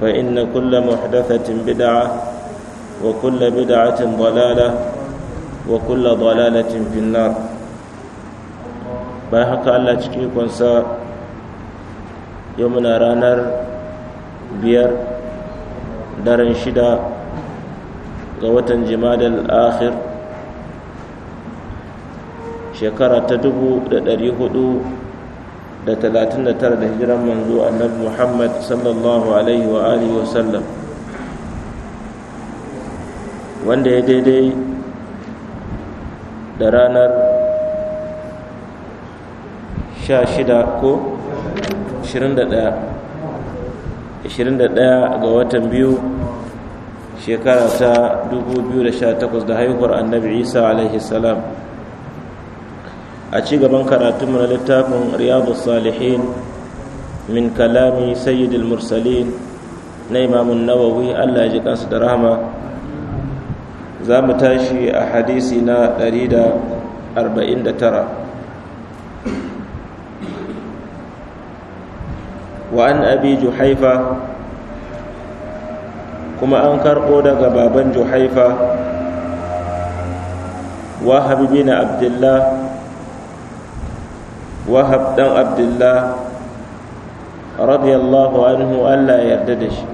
فإن كل محدثة بدعة وكل بدعة ضلالة وكل ضلالة في النار bayan haka Allah cikin kunsa yauna ranar biyar daren shida ga watan jimadal akhir shekara ta dubu da da talatin da tara da hijiran manzo annabi muhammad sallallahu alaihi wa alihi wa sallam wanda ya daidai da ranar sha shida ko ashirin da ɗaya ashirin da ɗaya ga watan biyu shekara ta dubu biyu da sha takwas da haihuwar annabi isa alaihi salam a ci gaban karatunmu na littafin riyadu salihin min kalami sayyidul mursalin na imamun nawawi allah ji kansu da rahama za mu tashi a hadisi na 149 wa an abi juhaifa kuma an karɓo daga baban juhaifa wa habibina abdullah wahab dan abdullah radiyallahu anhu allah ya yarda da shi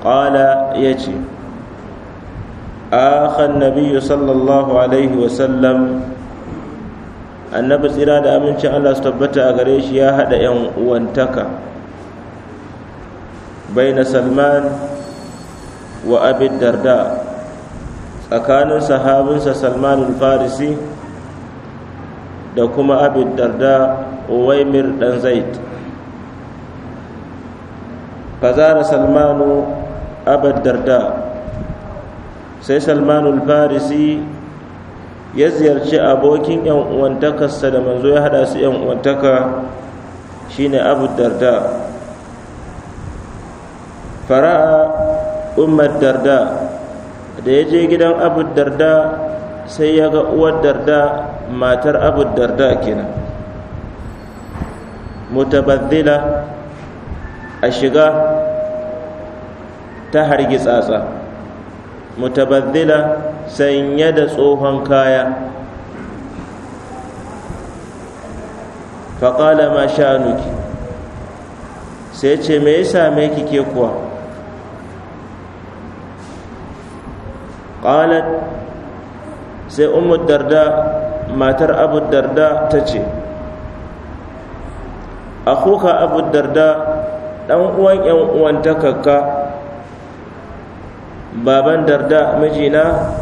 qala yace akhan nabiyyu sallallahu alaihi wasallam annabi tsira da amincin allah su tabbata a gare shi ya haɗa 'yan uwantaka bai na salman wa abid darda tsakanin sahabinsa salman farisi da kuma abin darda ɗan dan zaid fazara salmanu abin darda sai salmanul farisi ya ziyarci abokin yan uwantakarsa da manzo ya hada su yan uwantaka shine abu darda fara'a ummar darda da ya je gidan abu darda sai ya ga uwar darda matar abu darda kenan mutabazzila a shiga ta hargi tsatsa mutabazzila sanye da tsohon kaya faƙala ma nuki, sai ce me ya same ki ke kuwa ƙalat sai umar darda matar abu darda ta ce a akuka abu darda ɗan uwan yan uwan ta kakka baban darda mijina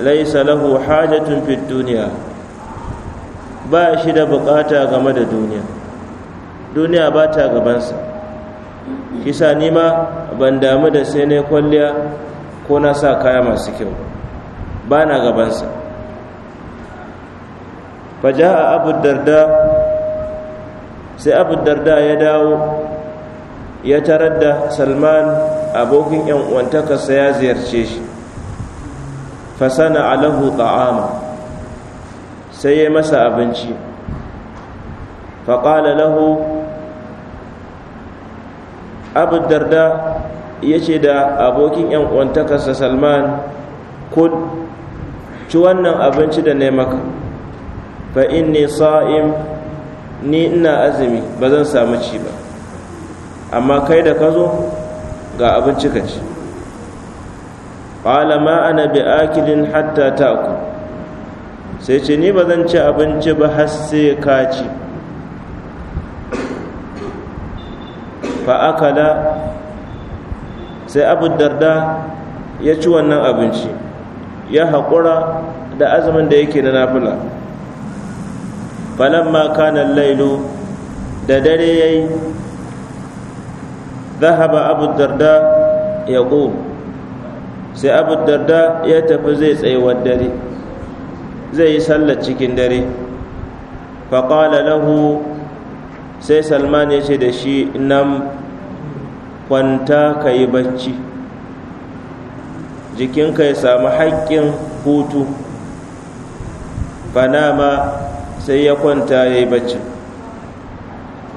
laisa lahu hajatun fi duniya ba shi da bukata game da duniya duniya ba ta gabansa kisa nima ban damu da sai ne kwalliya ko na sa kaya masu kyau ba na gabansa a abu darda sai abu darda ya dawo ya tarar da salman abokin yan uwantakarsa ya ziyarce shi fasana alahu ta'ama sai ya masa abinci faƙala lahu abu darda ya ce da abokin yan uwantakarsa salman kud ci wannan abinci da ne fa inni sa'im ni ina azumi ba zan samu ci ba amma kai da ka zo ga abinci ka ci ƙwala ma ana bi akilin hatta ku. sai ce ni ba zan ci abinci ba har sai ka ci fa akala sai abu darda ya ci wannan abinci ya haƙura da azumin da yake na nafila falamma kana lailu da dare ya yi. zahaba abu darda ya sai abu darda ya tafi zai tsayuwar dare zai yi sallar cikin dare faƙala lahu sai salman ya ce da shi nan kwanta ka yi bacci jikinka ya samu haƙƙin hutu fanama sai ya kwanta ya yi bacci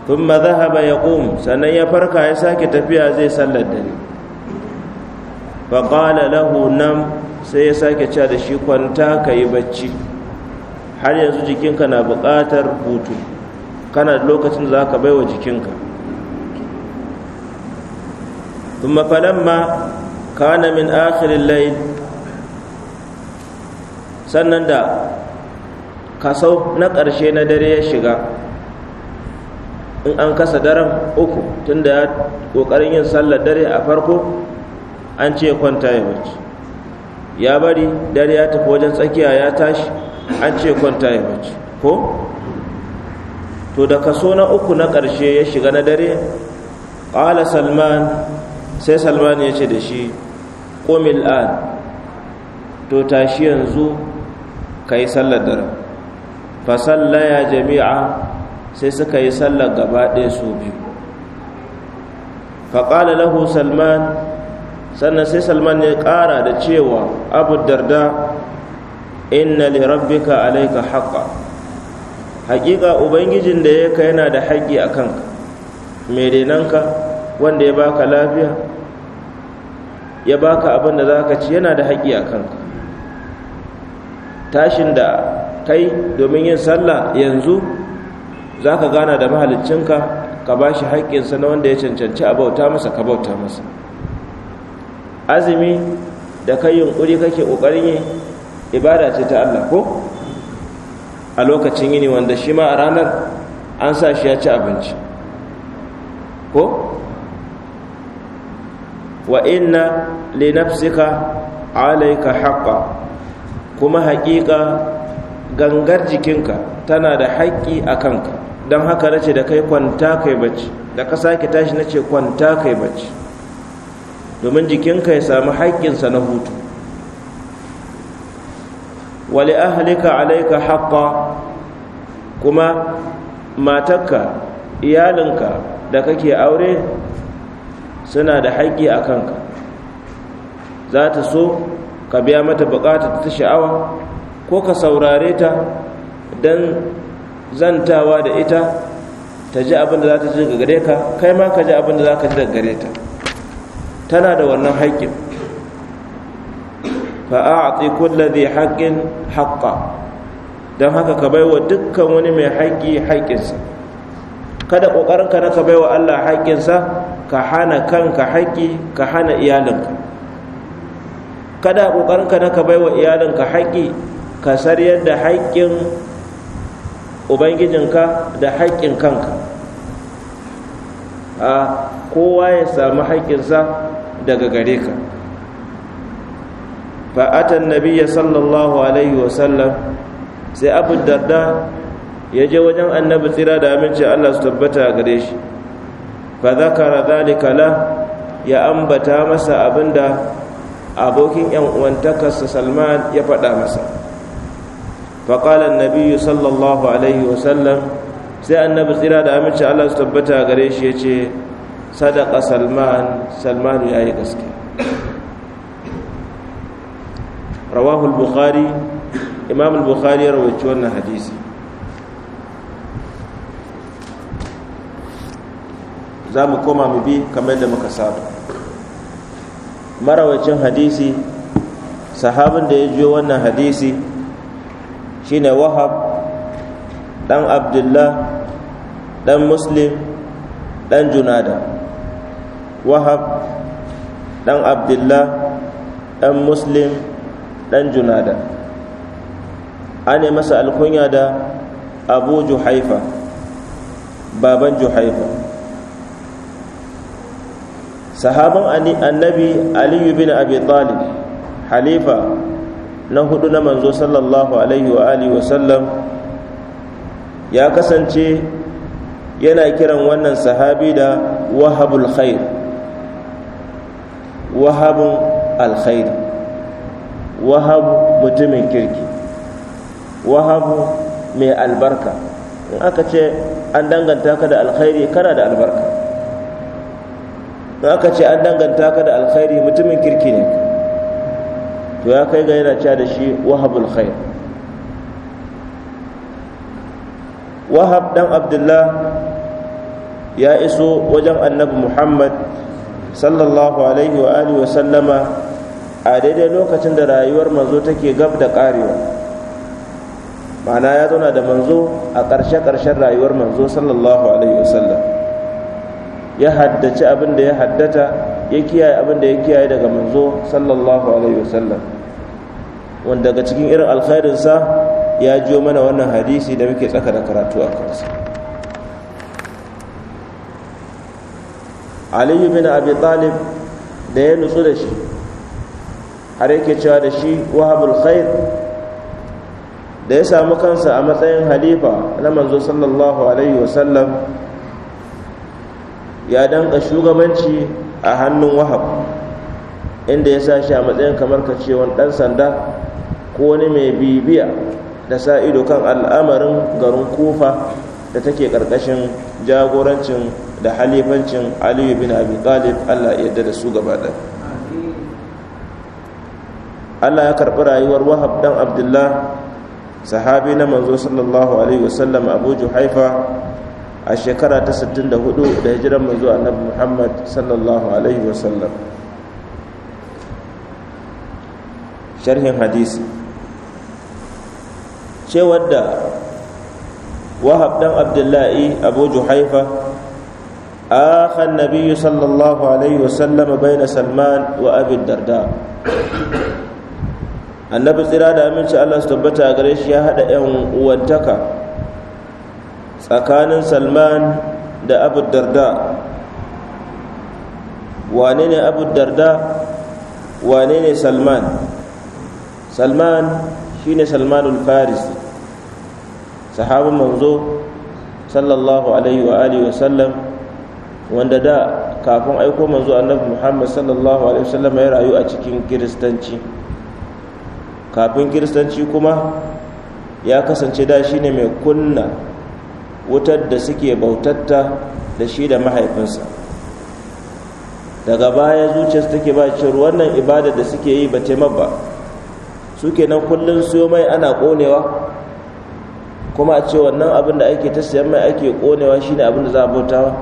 tun ma haɓa ya ƙum sannan ya farka ya sake tafiya zai sallar dare ƙala lahu nan sai ya sake cewa da shi kwanta ka yi bacci har yanzu jikinka na buƙatar hutu kana da lokacin za ka bai wa jikinka ثم فلما كان min akhirin layin. sannan da kasau na ƙarshe na dare ya shiga in an kasa daren uku tunda ya ƙoƙarin yin sallar dare a farko an ce kwanta ya bacci ya bari dare ya tafi wajen tsakiya ya tashi an ce kwanta ya bacci ko to da kaso na uku na ƙarshe ya shiga na dare ƙala salman sai salman ya ce da shi ƙomil an to tashi yanzu ka yi sallar daren fasallaya jami'a sai suka yi sallar gaba ɗaya su biyu faƙala lahu salman sannan sai salman ya ƙara da cewa abu darda inna li rabbika alaika haƙa haƙiƙa ubangijin da ya ka yana da haƙƙi a kanka mai renanka wanda ya baka lafiya ya baka abin da za ka ci yana da haƙƙi a kanka tashin da kai domin yin sallah yanzu za ka gana da mahaliccinka ka ba shi haƙƙinsa na wanda ya cancanci a bauta masa ka bauta masa azumi da kai yunƙuri kake ƙoƙarin yi ibada ce ta Allah ko a lokacin yini wanda shi ma a ranar an sa shi ya ci abinci ko wa inna li nafsika alayka haqqan kuma haƙiƙa gangar jikinka tana da haƙƙi a kanka don haka na ce da kai kwanta kai bacci da ka sake tashi na ce kwanta kai bacci domin jikinka ya samu haƙƙinsa na hutu wali ahalika alaika haƙƙa kuma matarka iyalinka da kake aure suna da haƙƙi a kanka za ta so ka biya mata buƙatar ta sha'awa ko ka saurare ta don zantawa da ita ta ji abin da za ta ji daga gare ka kai ma ka ji abin da za ka ji daga gare ta tana da wannan haƙƙin fa'a'ati kulla zai haƙƙin haƙƙa don haka ka baiwa dukkan wani mai haƙƙi haƙƙinsa kada ƙoƙarinka na ka baiwa Allah haƙƙinsa ka hana kanka haƙƙi ka hana iyalinka kada ƙoƙarinka na ka baiwa iyalinka haƙƙi ka sariyar da haƙƙin ubangijinka da haƙƙin kanka a kowa ya samu haƙƙinsa daga gare ka fa'atan nabiya sallallahu alaihi wasallam sai abu darda ya je wajen annabi tsira da aminci allah su tabbata gare shi fa zakara zalika la ya ambata masa abinda abokin 'yan uwantakarsa salman ya faɗa masa فقال النبي صلى الله عليه وسلم sai annabi tsira da aminci Allah su tabbata gare shi ya ce sadaka salman salmanu ya yi gaske rawahul bukhari Imamul bukhari ya rawaci wannan hadisi za mu koma mu bi kamar da muka saba marawacin hadisi sahabin da ya jiyo wannan hadisi shine wahab dan abdullah dan muslim dan junada wahab dan abdullah dan muslim dan junada an masa alkunya da abu juhaifa baban juhaifa sahaban annabi aliyu bin abi talib halifa na hudu na manzo sallallahu alaihi wa alihi wasallam ya kasance yana kiran wannan sahabi da wahabul khair wahabun alkhairi wahabu mutumin kirki wahabu mai albarka in aka ce an danganta ka da alkhairi kana da albarka in aka ce an danganta ka da alkhairi mutumin kirki ne to ya kai ga yana cewa da shi wahabul khair wahab dan abdullah ya iso wajen annabi muhammad sallallahu alaihi wa alihi wa sallama a daidai lokacin da rayuwar manzo take gab da karewa ma'ana ya zauna da manzo a ƙarshe-ƙarshen rayuwar manzo sallallahu alaihi wa sallam ya haddace abin da ya haddata ya kiyaye abin da ya kiyaye daga manzo sallallahu alaihi wasallam wanda daga cikin irin alkhairinsa ya jiyo mana wannan hadisi da muke tsaka da karatu a kansa aliyu bin abi talib da ya nutsu da shi har yake cewa da shi wahabul khair da ya samu kansa a matsayin halifa na manzo sallallahu alaihi wasallam ya danka shugabanci a hannun wahab inda ya sa shi a matsayin kamar ka ce ɗan sanda ko wani mai bibiya da sa ido kan al'amarin garin kufa da take ƙarƙashin jagorancin da halifancin aliyu bin abi talib allah yadda da su gaba ɗan allah ya karɓi rayuwar wahab ɗan abdullah sahabi na manzo sallallahu alaihi wasallam abu juhaifa a shekara ta 64 da hijiran manzo annabi Muhammad sallallahu alaihi wa sallam. sharhin hadisi cewar da wahab dan abdullahi abu juhaifa akha an-nabiy sallallahu alaihi wa wasallam baina salman wa abi darda annabi tsira da aminci Allah su tabbata gare shi ya hada yan uwantaka tsakanin salman da abu darda wane ne abu darda wane ne salman salman shi ne salmanul farisi sahabin manzo sallallahu alaihi wa alihi wasallam wanda da kafin aiko manzo annabi muhammad sallallahu alaihi wasallam ya rayu a cikin kiristanci kafin kiristanci kuma ya kasance da shine mai kunna wutar da suke bautatta da shi da mahaifinsa daga baya zuciyarsu take ba cewar wannan ibada da suke yi ba taimaka ba su kenan kullum siyo mai ana konewa kuma a ce wannan abin da ake ta siyan mai ake konewa shine abin da za a bautawa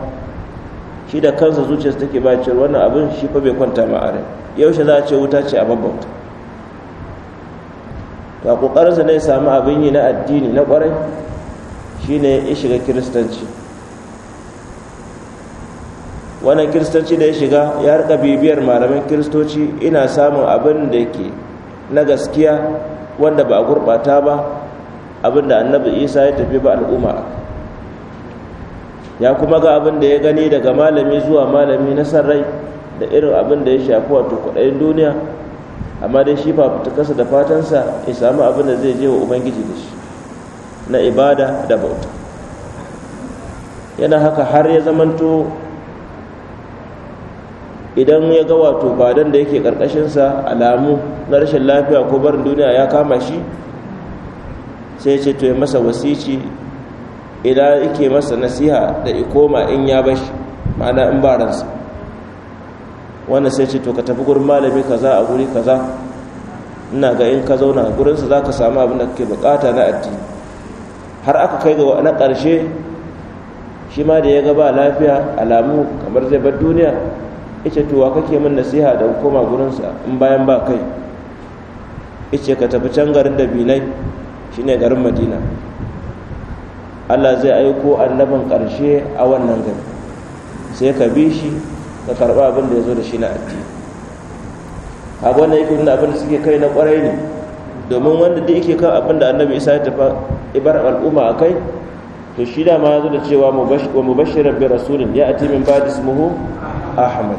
shi da kansa zuciyarsu take ba cewar wannan abin shi fa bai kwanta ma a rai yaushe za a ce wuta ce a babbauta to a kokarinsa ne ya samu abin yi na addini na kwarai shine ya shiga kiristanci wannan kiristanci da ya shiga ya harka bibiyar malaman kiristoci ina samun abin da ke na gaskiya wanda ba a gurɓata ba abin da annabi isa ya tafi ba al'umma ya kuma ga abin da ya gani daga malami zuwa malami na sarrai da irin abin da ya shafi wato kudayen duniya amma dai shi fafutukarsa da fatansa ya samu abin da zai je wa ubangiji da shi na ibada da bauta yana haka har ya zamanto idan ya ga wato badan da yake karkashinsa alamu na rashin lafiya ko barin duniya ya kama shi sai ce to ya masa wasici idan yake masa nasiha da ikoma in ya bashi ma'ana in ba wannan sai ce to ka tafi gurin malami kaza a guri kaza ina ga in ka zauna gurinsa za ka samu abin da kake bukata na addini har aka kai ga na ƙarshe shi ma da ya gaba lafiya alamu kamar zai bar duniya ita tuwa kake min nasiha da koma gurinsa in bayan ba kai ice ka tafi can garin da bilai shine garin madina allah zai aiko annabin ƙarshe a wannan gari sai ka bi shi ka karɓa abin da ya zo da shi na addini a wannan yake nuna abin da suke kai na ƙwarai ne domin wanda duk yake kan abin da annabi isa ya tafi ibar al'umma a kai to shi da ma zo da cewa wa mubashirar bi rasulun, ya ati min badis muhu ahmad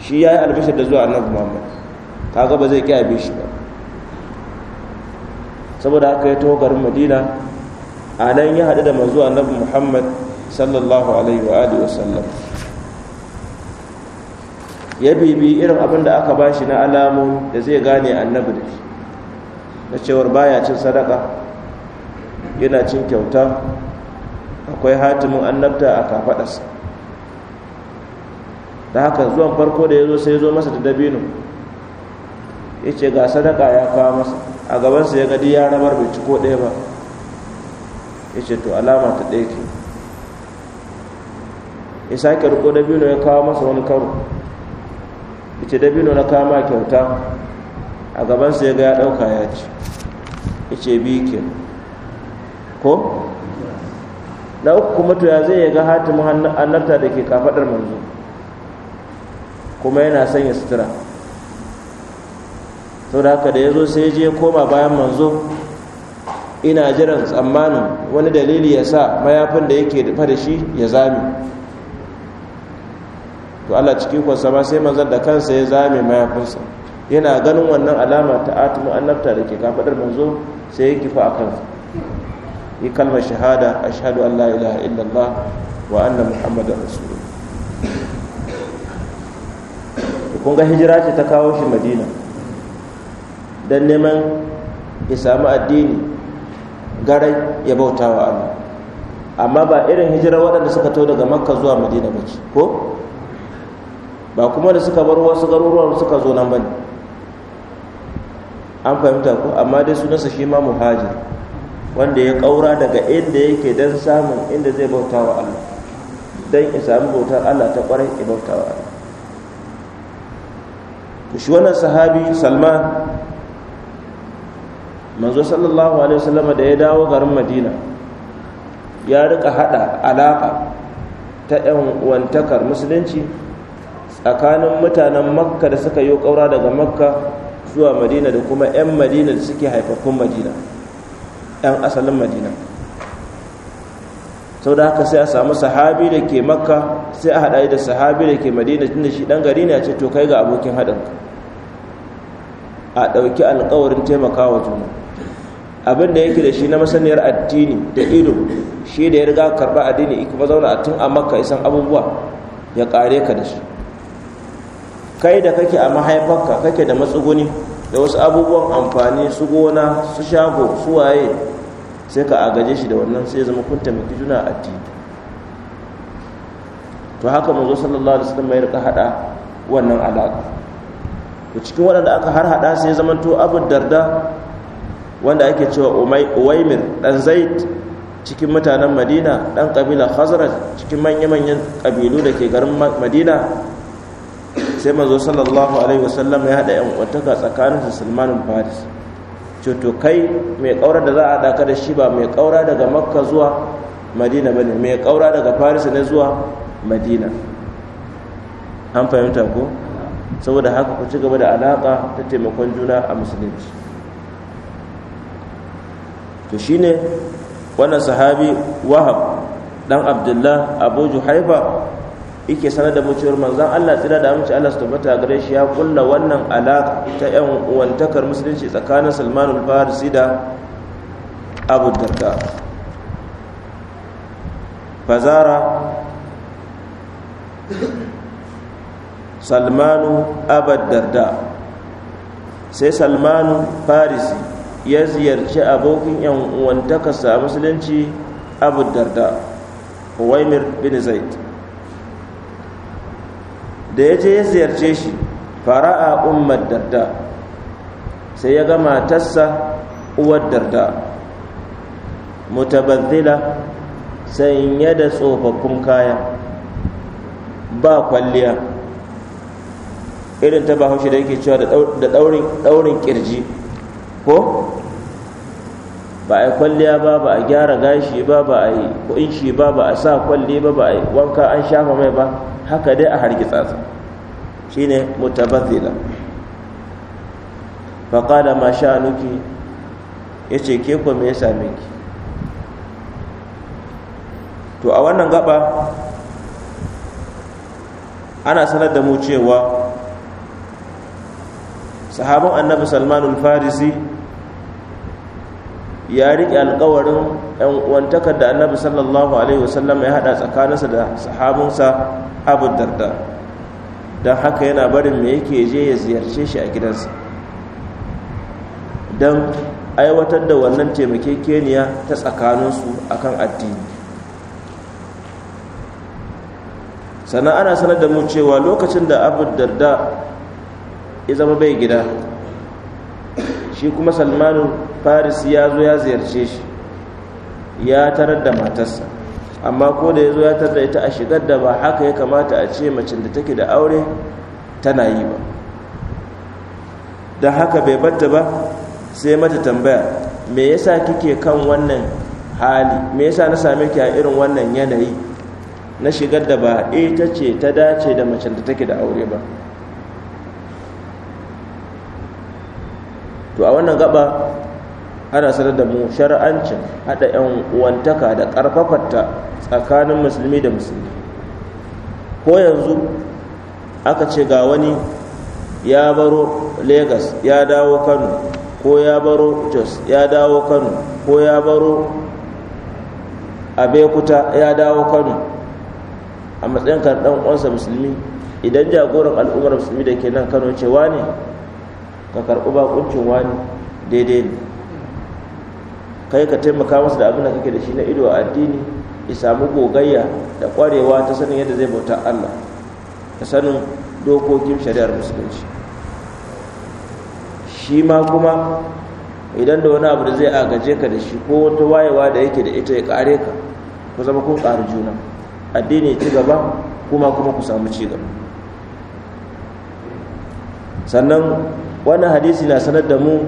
shi ya yi albashir da zuwa annabi muhammad ga ba zai bi shi ba saboda haka ya taho garin madina a nan ya haɗu da manzo annabi muhammad sallallahu alaihi wa alihi wasallam ya bibi irin abin da aka ba shi na alamu da zai gane annabi da shi na cewar baya cin sadaka yana cin kyauta akwai hatimin annabta a kafaɗarsa da haka zuwan farko da ya zo sai ya zo masa da dabino ya ce ga sadaka ya kawo masa a gabansa ya gadi ya rabar bai ci ko ɗaya ba ya ce to alama ta ɗaya ke ya sake riko dabino ya kawo masa wani karo ya ce dabino na kama kyauta a gabansa ya ga ya ɗauka ya ci ya ce biyu kenan ko na uku kuma to ya zai ya ga hatimin annabta da ke kafaɗar manzo kuma yana sanya sutura sau da haka da ya zo sai je koma bayan manzo ina jiran tsammanin wani dalili ya sa mayafin da yake dafa da shi ya zame to allah cikin kwansa sai manzan da kansa ya zame mayafinsa yana ganin wannan alama ta atimin annabta da ke kafaɗar manzo sai ya kifa a kansa yi kalmar shahada shahadu an la ilaha illallah wa anna muhammadar rasulullah kun ga hijira ce ta kawo shi madina don neman ya samu addini garai ya bauta wa Allah amma ba irin hijira waɗanda suka to daga makka zuwa madina ba ce ko ba kuma da suka bar wasu garuruwan suka zo nan ba ne an fahimta ko amma dai sunansa shi ma muhajir wanda ya ƙaura daga inda yake don samun inda zai bauta wa Allah don ya sami bautar Allah ta ƙwarai ya bauta wa Allah Ku shi wannan sahabi salman manzo sallallahu alaihi wasallam da ya dawo garin madina ya rika hada alaƙa ta yan wantakar musulunci tsakanin mutanen makka da suka yi ƙaura daga makka zuwa madina da kuma 'yan madina da suke haifafun madina 'yan asalin madina sau da haka sai a samu sahabi da ke makka sai a haɗa da sahabi da ke madina tun da shi ɗan gari ne a ce to kai ga abokin haɗin a ɗauki alkawarin taimakawa juna abin da yake da shi na masaniyar addini da ido shi da ya riga karɓa addini kuma zauna a tun a makka isan abubuwa ya ƙare ka da shi kai da kake a mahaifarka kake da matsuguni da wasu abubuwan amfani su gona su shago su waye sai ka agaje shi da wannan sai zama kun taimaki juna a titi to haka mazo sallallahu alaihi wasallam ya rika hada wannan alaka to cikin waɗanda aka har hada sai zama to abu darda wanda ake cewa uwaimir dan zaid cikin mutanen madina dan kabila khazraj cikin manya-manyan kabilu da ke garin madina sai mazo sallallahu alaihi wasallam ya haɗa wataka tsakanin su salmanin faris ce to kai mai ƙaura da za a daka da shi ba mai ƙaura daga makka zuwa madina ba ne mai ƙaura daga faris ne zuwa madina an fahimta ko saboda haka ku ci gaba da alaƙa ta taimakon juna a musulunci to shine wannan sahabi wahab dan abdullah abu juhaifa yake sanar da mutuwar manzan Allah tsira da amince Allah su tabbata gare shi ya kulla wannan alaka ta yan uwantakar musulunci tsakanin al Farisi da Abu Darda fazara salmanu abad darda sai salmanu farisi ya ziyarci abokin yan uwantakarsa musulunci abu darda Waimir bin zaid da ya je ya ziyarce shi fara'a ummar darda sai ya ga matarsa uwar darda mutabazzila sanye da tsofaffin kaya ba kwalliya irin ta bahaushe da yake cewa da daurin kirji ko ba a yi kwalliya ba ba a gyara gashi ba ba a yi kunshi ba ba a sa kwalli ba ba a yi wanka an shafa mai ba haka dai a hargitsa su shine mutabazzila da ma nuki ya ce ke ko me ya same ki to a wannan gaba ana sanar da mu cewa sahabin annabi salmanul farisi ya riƙe alƙawarin ‘yan uwantakar da annabi sallallahu alaihi wasallam ya haɗa tsakaninsa da sahabinsa abu darda don haka yana barin me yake je ya ziyarce shi a gidansa don aiwatar da wannan keniya ta tsakaninsu akan addini sannan ana sanar da mu cewa lokacin da abu darda ya zama bai gida shi kuma Salmanu. faris ya zo ya ziyarce shi ya tarar da matarsa amma ko da ya zo ya tarar da ita a shigar da ba haka ya kamata a ce macin da take da aure tana yi ba don haka bai batta ba sai mata tambaya me yasa kike kan wannan hali me yasa na same ki irin wannan yanayi na shigar da ba ita ce ta dace da macen da take da aure ba to a wannan gaba ana sanar da mu shar'ancin haɗa 'yan uwantaka da ƙarfafarta tsakanin musulmi da musulmi ko yanzu aka ce ga wani ya baro Legas ya dawo kano ko ya baro jos ya dawo kano ko ya baro abekuta ya dawo kano a matsayin kan ɗan musulmi idan jagoran al'ummar musulmi da ke nan kano cewa ne ka karɓi bakuncin wani daidai ne kai ka taimaka masa da abin da kake da shi na ido a addini ya samu gogayya da kwarewa ta sanin yadda zai bauta Allah da sanin dokokin shari'ar musulunci shi ma kuma idan da wani abu da zai agaje ka da shi ko wata wayewa da yake da ita ya kare ka ku zama kun ƙari juna addini ci gaba kuma kuma ku samu ci gaba sannan wannan hadisi na sanar da mu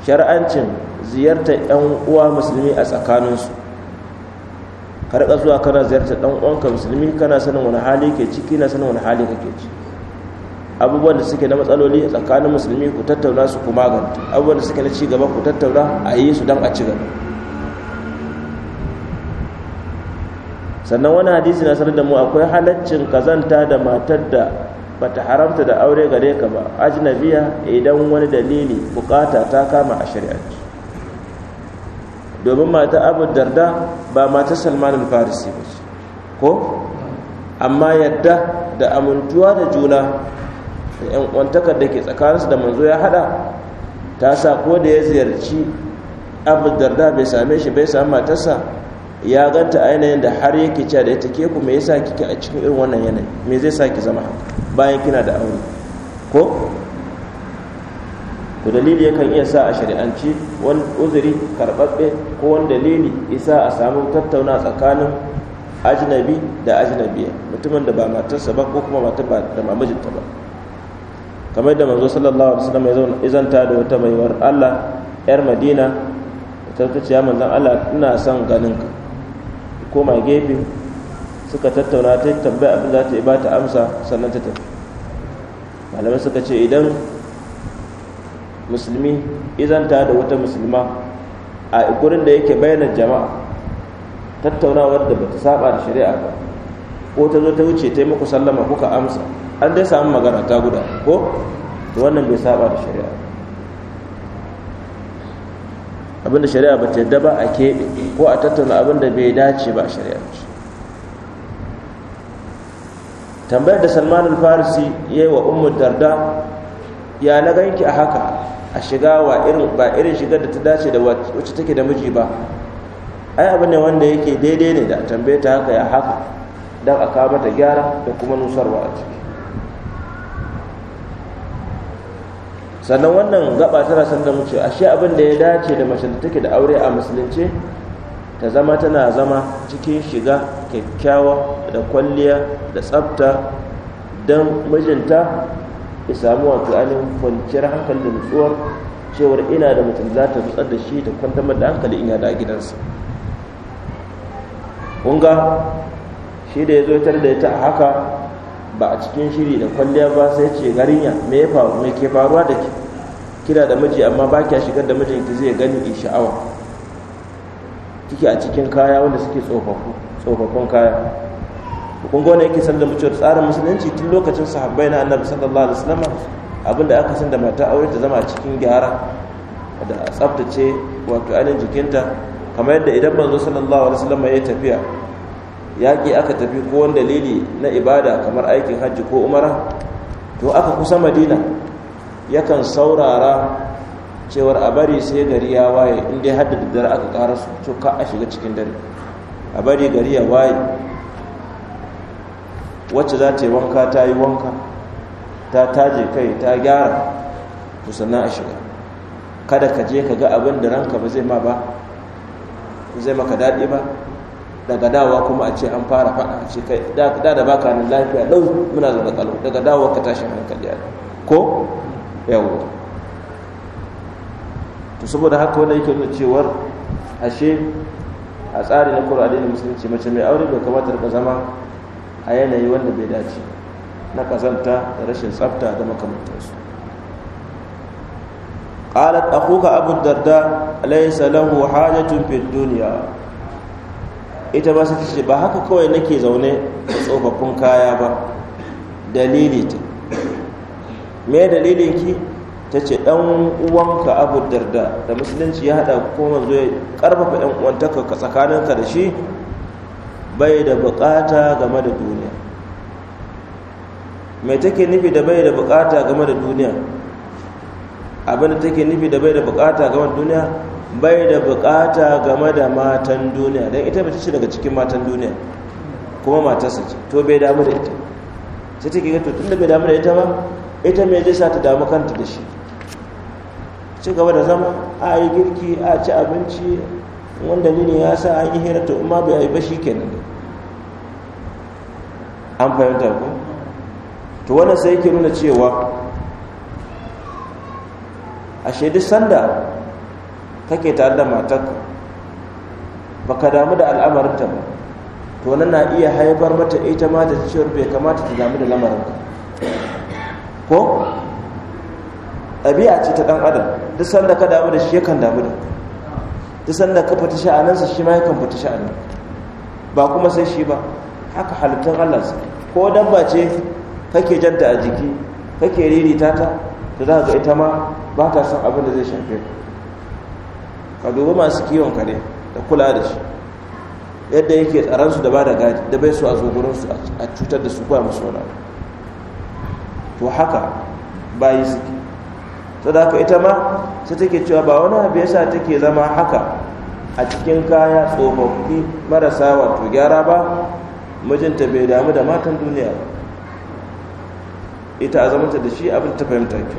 shar'ancin ziyartar 'yan uwa musulmi a tsakaninsu ka rika zuwa kana ziyartar ɗan uwanka musulmi kana sanin wani hali ke ciki na sanin wani hali kake ci abubuwan da suke na matsaloli a tsakanin musulmi ku tattauna su ku maganta abubuwan da suke na cigaba ku tattauna a yi su don a ci gaba sannan wani hadisi na sanar da mu akwai halaccin kazanta da matar da bata haramta da aure gare ka ba ajnabiya idan wani dalili bukata ta kama a shari'arci domin mata abu darda ba mata salman al-farisi ba ko amma yadda da amintuwa da juna da yan kwantakar da ke tsakaninsu da manzo ya hada ta sa ko da ya ziyarci abu darda bai same shi bai sami matarsa ya ganta ainihin da har yake cewa da ita ke ku me yasa kike a cikin irin wannan yanayi me zai sa ki zama bayan kina da aure ko to dalili yakan iya sa a shari'anci wani uzuri karɓaɓɓe ko wani dalili isa a samu tattauna tsakanin ajnabi da ajnabiya mutumin da ba matarsa ba ko kuma matar ba da mamajinta ba kamar da manzo sallallahu alaihi wasallam ya zanta da wata baiwar Allah yar Madina ta kace ya manzon Allah ina son ganin ka mai gefe suka tattauna ta tambaya abin za ta yi ba ta amsa sannan ta tafi malamai suka ce idan musulmi izanta da wata musulma a gurin da yake bayanan jama'a tattaunawar da bata saba da shari'a ba ko ta zo ta wuce ta yi muku sallama kuka amsa an dai samu magana ta guda ko wannan bai saba da shari'a abinda shari'a ba ta yadda ba a keɓe ko a tattauna abinda bai dace ba a shari'a tambayar da salman al-farisi ya yi wa umar darda ya na ganki a haka a shiga wa ba irin shigar da ta dace da wacce take da miji ba ai abin ne wanda yake daidai ne da tambaye ta haka ya haka don a kawo mata gyara da kuma nusarwa a ciki sannan wannan gaba tana san da muke ashe abin da ya dace da mace da take da aure a musulunce ta zama tana zama cikin shiga kyakkyawa da kwalliya da tsafta don mijinta ya samu wato ainihin kwanciyar hankali da nutsuwar cewar ina da mutum za ta nutsar da shi ta kwantar da hankali in yada gidansa kunga shi da ya zo tar da ita a haka ba a cikin shiri da kwalliya ba sai ce garinya me ya faru me ke faruwa da ke kira da miji amma ba kya shigar da mijinki zai gani in sha'awa kike a cikin kaya wanda suke tsofaffin kaya kun yake sallar da mutuwar tsarin musulunci tun lokacin sahabbai na annabi sallallahu alaihi wasallam abinda aka san da mata aure ta zama cikin gyara da tsaftace wato ainihin jikinta kamar yadda idan manzo sallallahu alaihi wasallam ya tafiya yaƙi aka tafi ko wani dalili na ibada kamar aikin hajji ko umara to aka kusa madina yakan saurara cewar a bari sai gari ya waye in dai haddada da dare aka ƙara su to ka a shiga cikin dare a bari gari ya waye wacce za ta yi wanka ta yi wanka ta taje kai ta gyara to sannan a shiga kada ka je ka ga abin da ranka ba zai ma ba zai maka daɗi ba daga dawa kuma a ce an fara faɗa a ce kai da da baka nan lafiya lau muna zaune kalu daga dawa ka tashi hankali ko yawo to saboda haka wannan yake nuna cewar ashe a tsari na kura addinin musulunci mace mai aure bai kamata ta zama a yanayi wanda bai dace na kazanta da rashin tsafta da makamantarsu qalat kuka abu darda laysa lahu hajatun fid duniya. ita ba su ce ba haka kawai nake zaune da tsofaffin kaya ba dalili ta me dalilin ki ta ce ɗan uwanka abu darda da musulunci ya haɗa ko zuwa ƙarfafa ɗan uwantaka tsakaninka da shi bai da bukata game da duniya mai take nufi da bai da bukata game da duniya abin da take nufi da bai da bukata game da duniya bai da bukata game da matan duniya don ita bata ce daga cikin matan duniya kuma matarsa ce to bai damu da ita sai take gato tun da bai damu da ita ba ita mai zai sa ta damu kanta da shi ci gaba da zama a yi girki a ci abinci wanda ne ya sa an yi hira to ma bai yi ba shi kenan an fahimta ku? to wani sai yake nuna cewa ashe duk sanda kake tare da matarka ka damu da al'amarinta ba to wani na iya haifar mata ita ma ta cewar bai kamata ta damu da lamarinka ko ɗabi'a ce ta ɗan adam duk sanda ka damu da shi yakan damu da ta sanda ka fita sha'aninsa shi ma yakan fita sha'anin ba kuma sai shi ba haka halittun Allah su ko dabba ce kake jadda a jiki kake ririta ta ta za ga ita ma ba ta son abin da zai shafe ka dubi masu kiwon kare da kula da shi yadda yake tsaransu da ba da gadi da bai su a zo a cutar da su kuwa masu wani to haka bayi suke sada ka ita ma sai take cewa ba wani abu ya sa take zama haka a cikin kaya tsofaffi marasa wato gyara ba mijinta bai damu da matan duniya ita a zamanta da shi abin ta fahimta ke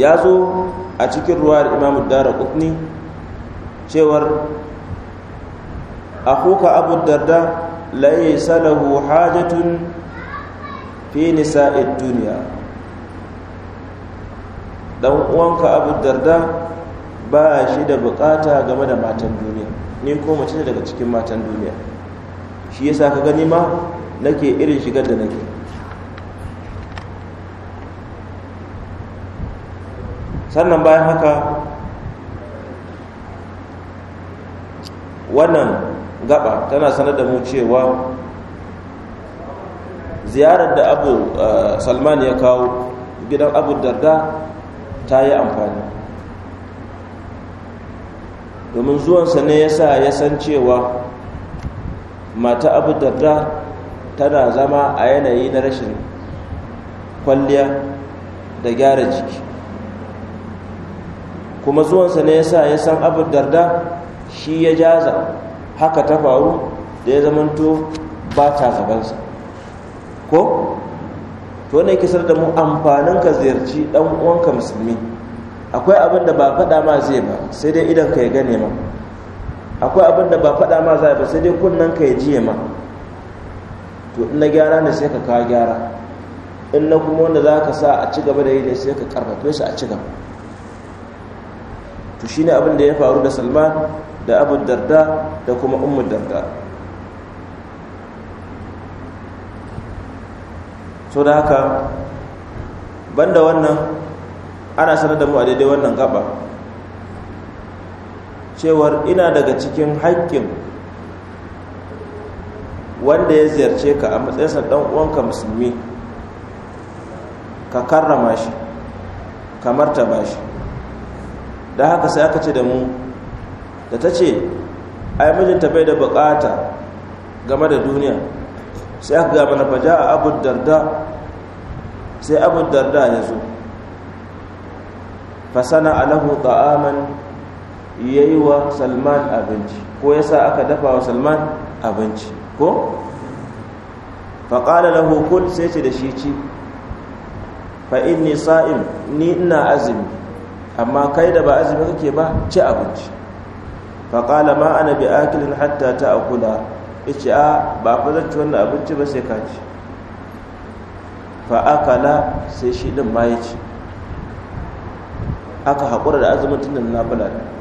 ya zo a cikin ruwa da imamu dara kufni cewar kuka abu darda laye lahu hajatun fi nisa'id duniya dan uwanka abu darda ba shi da bukata game da matan duniya ni ko mace daga cikin matan duniya shi yasa ka gani ma nake irin shigar da nake sannan bayan haka wannan gaba tana sanar da mu cewa ziyarar da abu eh, salman ya kawo gidan abu darda ta yi amfani domin zuwansa ne yasa ya san cewa mata abu darda tana zama a yanayi na rashin kwalliya da gyara jiki kuma zuwansa ne yasa ya san abu darda shi ya jaza haka ta faru da ya zamanto ba ta gabansa ko to wannan kisar da mu amfanin ka ziyarci dan uwanka musulmi akwai abin da ba faɗa ma zai ba sai dai idan ka ya gane ma akwai abin da ba faɗa ma zai ba sai dai kunnan ka ya jiye ma to in na gyara ne sai ka kawo gyara in na kuma wanda za ka sa a ci gaba da yi ne sai ka karfafe shi a ci gaba to shine abin da ya faru da salman da abu darda da kuma ummu darda so da haka banda wannan ana sanar da mu a daidai wannan gaba cewar ina daga cikin haƙƙin wanda ya ziyarce ka a matsayinsa ɗan uwanka musulmi ka karrama shi ka martaba shi da haka sai aka ce da mu da ta ce ai mijinta bai da bukata game da duniya sai aka gaba na faja a abu darda sai abu darda ya zo fasana alahu ta'aman ya yi wa salman abinci ko ya sa aka dafa wa salman abinci ko faƙala lahu kul sai ce da shi ci fa'in inni sa'im ni ina azumi amma kai da ba azumi kake ba ci abinci faƙala ma ana bi akilin hatta ta akula ce a ah, ba fa zan ci wannan abinci ba sai ka ci fa sai shi ɗin ma ya ci aka haƙura da azumin tunan da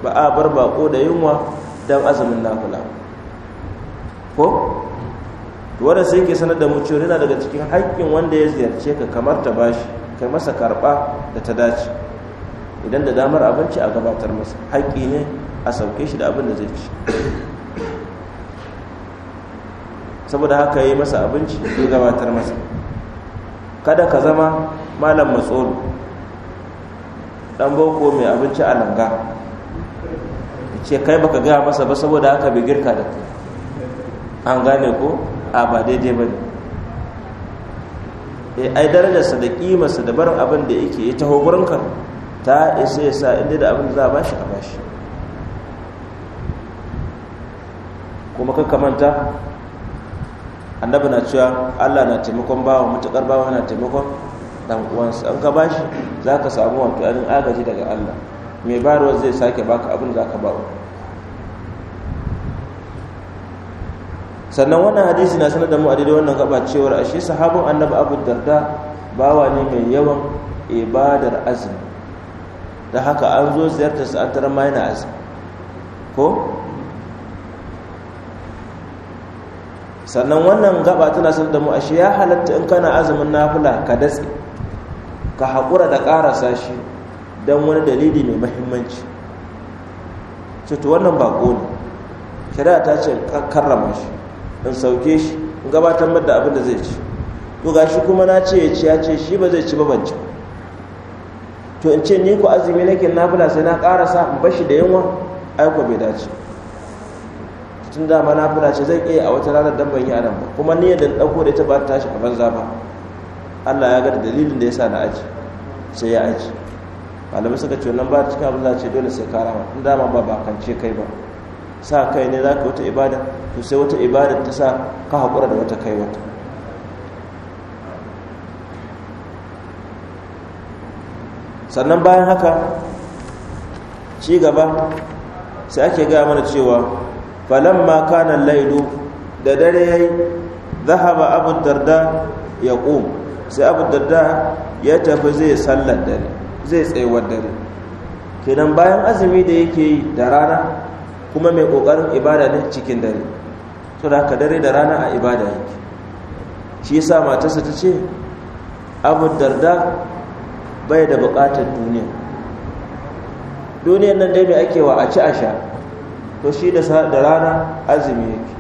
ba a bar bako da yunwa don azumin nafula ko wanda sai ke sanar da mu yana daga cikin haƙƙin wanda ya ziyarce ka kamar ta bashi kai masa karɓa da ta dace idan da damar abinci a gabatar masa haƙƙi ne a sauke shi da abin da zai ci saboda haka yi masa abinci ya gabatar masa kada ka zama malam matsoro dan boko mai abinci a langa ce kai baka gaya masa ba saboda haka bai girka da kai an gane ko a ba daidai ba ne eh, ai darajarsa da kimarsa da barin abin da yake ya taho gurinka ta isa ya sa inda da abin da za a bashi a bashi kuma ka annabi na cewa Allah na taimakon bawa matuƙar bawa na taimakon dan uwansa an ka bashi za ka samu wato an agaji daga Allah mai bayarwa zai sake baka abin za ka bawa sannan wannan hadisi na sanar da mu a daidai wannan gaba cewar ashe sahabin annabi Abu Darda bawa ne mai yawan ibadar azumi da haka an zo ziyartar satar an tarar ko sannan wannan gaba tana sanar da mu ashe ya halatta in kana azumin nafila ka datse ka haƙura da ƙarasa shi don wani dalili mai mahimmanci to wannan bako ne shari'a ta ce karrama shi in sauke shi in gabatar da abin da zai ci to ga shi kuma na ce ya ci ya ce shi ba zai ci ba ban to in ce ni ku azumi nake nafula sai na ƙarasa in bashi da yunwa aiko bai dace tun da ma fina ce zai iya a wata ranar dan ban yi a ba kuma ni da ɗauko da ita ba ta tashi a banza ba Allah ya ga da dalilin da ya sa na aji sai ya aji malamai suka ce wannan ba ta cikin abin za ce dole sai ka rama tun dama ba ba kance kai ba sa kai ne za ka wata ibada to sai wata ibada ta sa ka haƙura da wata kai wata sannan bayan haka ci gaba sai ake gaya mana cewa falamma kana laidu da dare yayi zahaba abu darda ya qum sai abu darda ya tafi zai sallar dare zai tsayuwar dare kenan bayan azumi da yake yi da rana kuma mai kokarin ibada ne cikin dare to da dare da rana a ibada yake shi yasa matarsa ta ce abu darda bai da buƙatar duniya duniyar nan dai mai ake wa a ci a sha to shi da rana azumi yake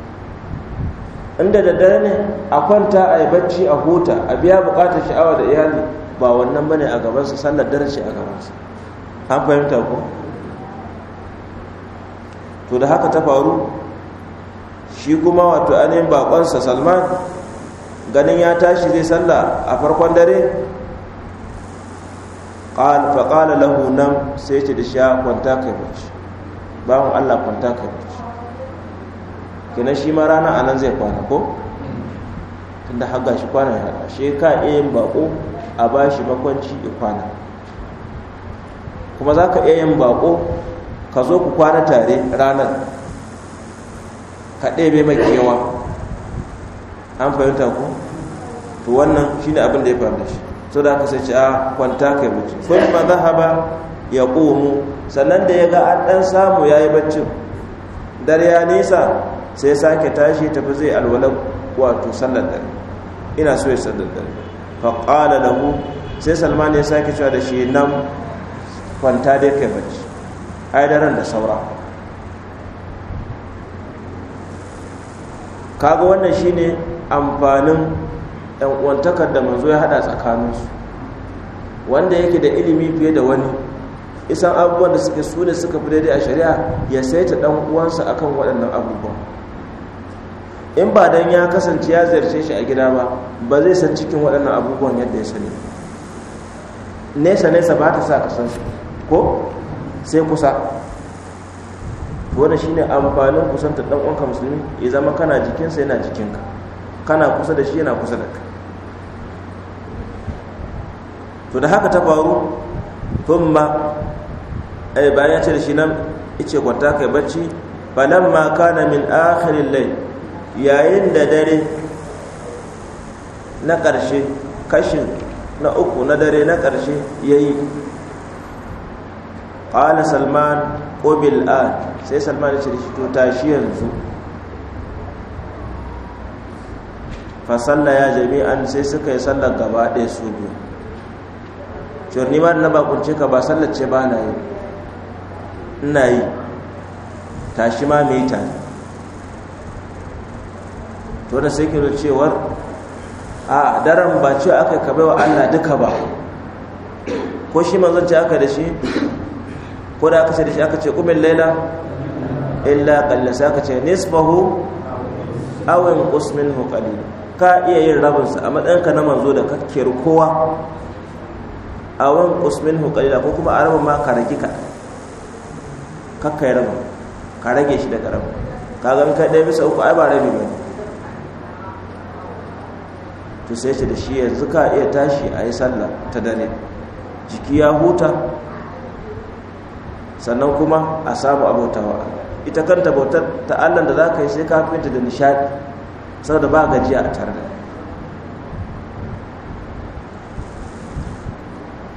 inda da dare ne a kwanta a yi bacci a huta a biya bukatar sha'awa da iyali ba wannan bane a gabansa sallar dare ce a gabansa an fahimta ko to da haka ta faru shi kuma wato bakon bakonsa salman ganin ya tashi zai salla a farkon dare faƙala lahu nan sai ce da sha kwanta kai bacci bawan Allah kwanta ka yi kenan shi ma rana a nan zai kwana ko tunda haga shi kwana ya hada shi ka iya yin bako a ba shi makwanci ya kwana kuma za ka iya yin bako ka zo ku kwana tare ranar ka ɗebe mai kewa an fahimta ku to wannan ne abin da ya faru da shi so da aka sai ce a ah, kwanta kai bacci kun ma ba ya ƙomo sannan da ya ga an ɗan samu ya yi baccin dare ya nisa sai sake tashi tafi zai alwalar wato sallar dare ina so ya sallar dare faƙala mu sai salman ya sake cewa da shi nan kwanta dai kai bacci ai daren da saura kaga wannan shine amfanin ɗan uwantakar da manzo ya haɗa tsakaninsu wanda yake da ilimi fiye da wani isan abubuwan da suke su ne suka fi daidai a shari'a ya saita dan uwansa akan waɗannan abubuwan in ba dan ya kasance ya ziyarce shi a gida ba ba zai san cikin waɗannan abubuwan yadda ya sani nesa nesa ba ta sa ka san su ko sai kusa wannan shine amfanin kusanta dan uwanka musulmi ya zama kana jikinsa yana jikinka kana kusa da shi yana kusa da ka to da haka ta faru thumma ai bayan ya ce da shi nan ice kwanta kai bacci falamma kana min akhirin lai yayin da dare na ƙarshe kashin na uku na dare na ƙarshe ya yi ƙala salman ƙobil a sai salman ya ce da shi to tashi yanzu fasalla ya jami'an sai suka yi sallar gaba ɗaya su biyu curnima da na bakunce ka ba sallar ce ba na yi ina yi tashi ma mai tare to da sai kira cewar a daren ba ce aka yi ka wa Allah duka ba ko shi manzon ce aka da shi ko da aka ce da shi aka ce kumin laila illa kalli sai aka ce nisbahu aw usmin hukali ka iya yin rabinsa, a matsayin ka na manzo da kakkiyar kowa A inqus minhu qalila ko kuma a rabin ma ka raki kakka ya raba ka rage shi da karama ka gani kai ɗaya bisa uku ai ba rabi ba to sai ce da shi yanzu ka iya tashi a yi sallah ta dare jiki ya huta sannan kuma a samu abotawa ita kanta bautar ta Allah da za ka yi sai ka fita da nishadi saboda ba gajiya a tare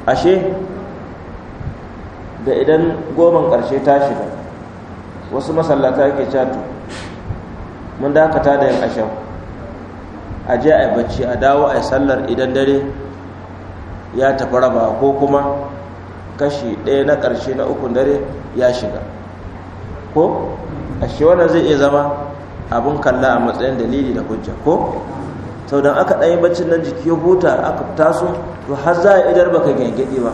ashe da idan goman ƙarshe ta shiga wasu masallata yake catu mun dakata da yin asham a je a yi bacci a dawo a yi sallar idan dare ya tafi raba ko kuma kashi ɗaya na ƙarshe na ukun dare ya shiga ko ashe wannan zai iya zama abin kalla a matsayin dalili da hujja ko sau don aka ɗanyi baccin nan jiki ya huta aka taso to har za a idar baka gyangyaɗe ba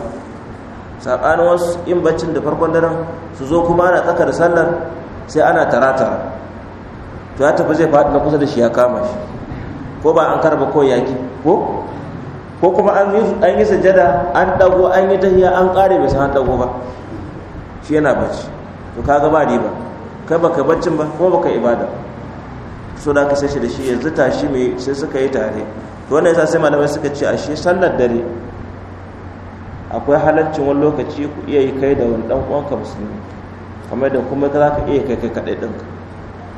saɓanin wasu yin baccin da farkon daren su zo kuma ana tsakar sallar sai ana tarata to ya tafi zai faɗi na kusa da shi ya kama shi ko ba an karba ko yaki ko ko kuma an yi sajada an dago an yi tahiya an ƙare bai san an dago ba shi yana bacci to kaga ba riba kai baka baccin ba kuma baka ibada so da ka sai shi da shi yanzu tashi mai sai suka yi tare to wannan yasa sai malamai suka ce ashe sallar dare akwai halaccin wani lokaci ku iya yi kai da wani dan uwanka musulmi kamar da kuma za ka iya kai kai kadai din ka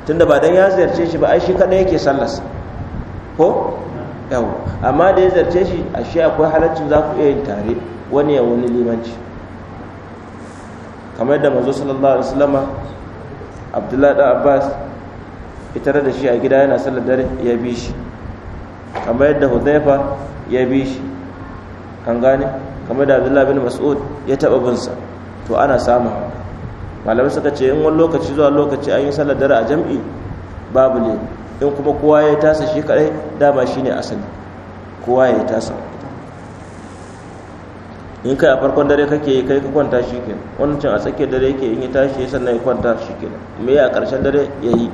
tunda ba dan ya ziyarce shi ba ai shi kadai yake sallas ko yau amma da ya ziyarce shi a shi akwai halaccin za ku iya yin tare wani ya wani limanci kamar da manzo sallallahu alaihi wasallam abdullahi da abbas ita da shi a gida yana sallar dare ya bi shi kamar yadda hudhaifa ya bi shi kan gane kamar da abdullahi bin mas'ud ya taɓa binsa to ana samun malamai suka ce in wani lokaci zuwa lokaci an yi sallar dare a jam'i babu ne in kuma kowa ya tasa shi kadai dama shine asali kowa ya tasa in kai a farkon dare kake yi kai ka kwanta shi ke cin a tsakiyar dare yake in ya tashi sannan ya kwanta shi ke me a ƙarshen dare ya yi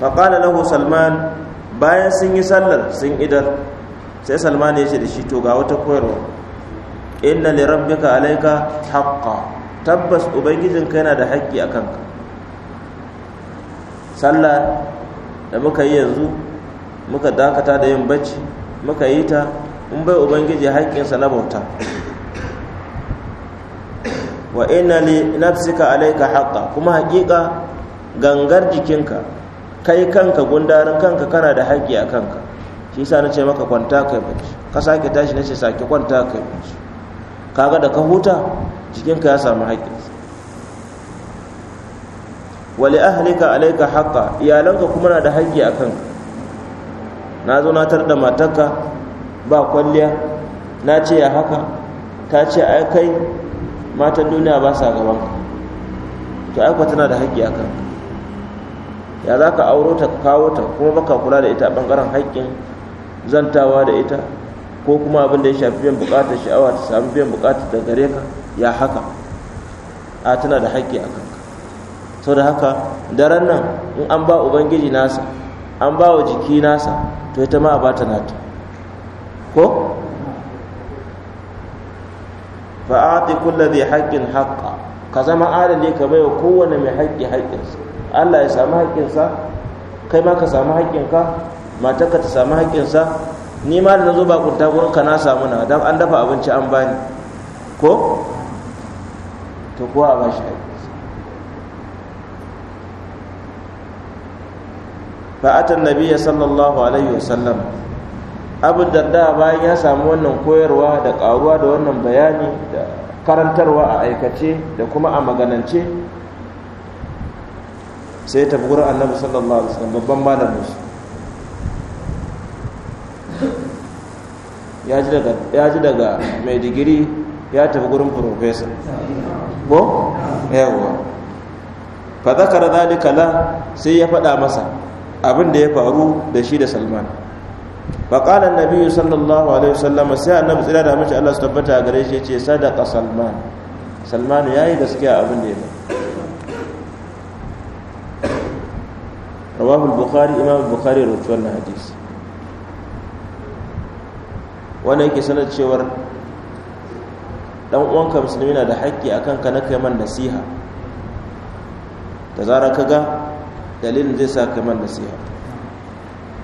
faƙala lahu salman bayan sun yi sallar sun idar sai salman ya ce da shi to ga wata koyarwa inna li rabbika alayka haqqa tabbas ubangijin kai yana da haƙƙi a kanka sallar da muka yi yanzu muka dakata da yin bacci muka yi ta in bai ubangiji haƙƙinsa na bauta wa inna li nafsika alayka haqqa kuma haƙiƙa gangar jikinka kai kanka gundarin kanka kana da haƙƙi a kanka shi yasa na ce maka kwanta kai bacci ka sake tashi na ce sake kwanta kai bacci kaga da ka huta jikinka ya samu haƙƙinsa wali ahlika alaika haqqa iyalanka kuma na da haƙƙi a kanka na zo na tar da matarka ba kwalliya na ce ya haka ta ce ai kai matan duniya ba sa gaban ka to ai tana da haƙƙi a kanka ya za ka auro ta kawo ta kuma baka kula da ita a bangaren haƙƙin zantawa da ita ko kuma abin da ya shafi biyan buƙatar sha'awa ta samu biyan buƙatar da gare ka ya haka a tana da haƙƙi a kanka sau da haka daren nan in an ba ubangiji nasa an ba wa jiki nasa to ita ma a ba ta nata ko fa'ati kulli dhi haƙƙin haƙƙa ka zama adali ka baiwa kowane mai haƙƙi haƙƙinsa Allah ya samu haƙƙinsa kai ma ka samu haƙƙinka matarka ta samu haƙƙinsa ni ma da na zo bakunta ka na samu na don an dafa abinci an bani ko to kowa a bashi haƙƙinsa fa'atan nabiya sallallahu alaihi wasallam abu darda bayan ya samu wannan koyarwa da ƙaruwa da wannan bayani da karantarwa a aikace da kuma a maganance sai ya tafi wurin annabi sallallahu alaihi wasallam babban malamin su ya ji daga mai digiri ya tafi gurin profesa ko yawwa fa zakara zalika la sai ya faɗa masa abin da ya faru da shi da salman fa qala annabi sallallahu alaihi wasallam sai annabi tsira da mace Allah su tabbata gare shi yace sadaqa salman salman yayi gaskiya abin da ya faru rawahu al-bukhari imam al-bukhari ya cewar dan uwanka musulmi na da hakki akan ka na kai man nasiha da zarar ka ga dalilin zai sa kai man nasiha